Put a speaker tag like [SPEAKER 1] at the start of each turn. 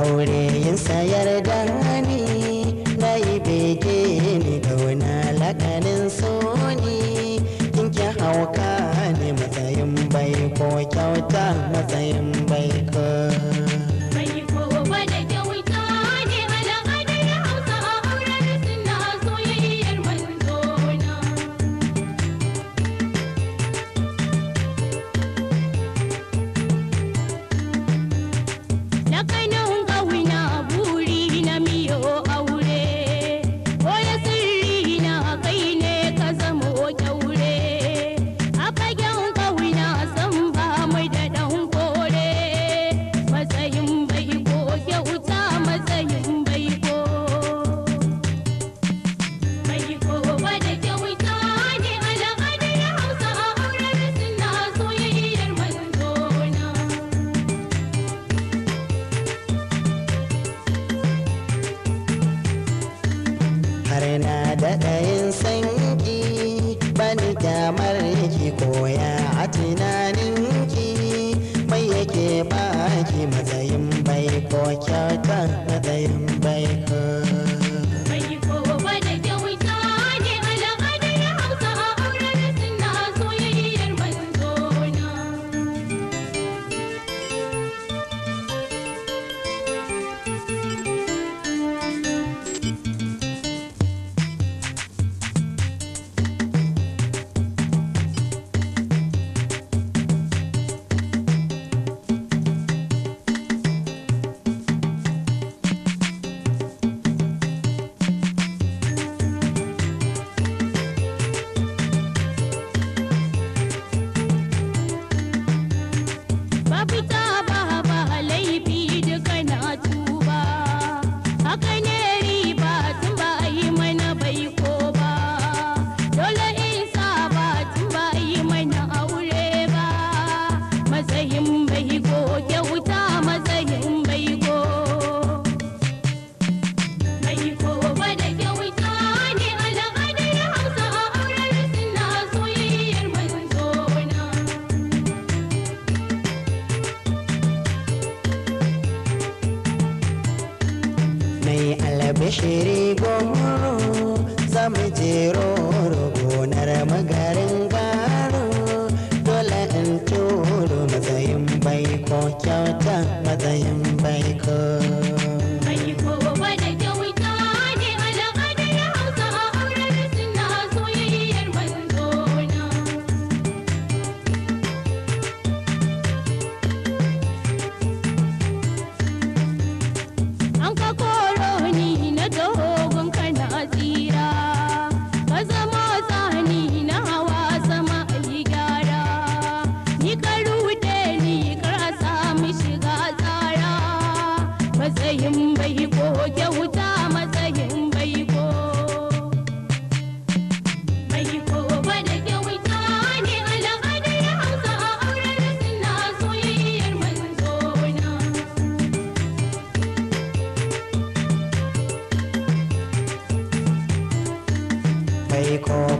[SPEAKER 1] aure yin sayar da ni na yi bege ne gauna lakanin soni in ki hauka ne matsayin bai ko kyauta matsayin Capital. shiri gomoro za mu je roro gonar magarin garo dole in turo matsayin baiko kyauta matsayin baiko ขอบ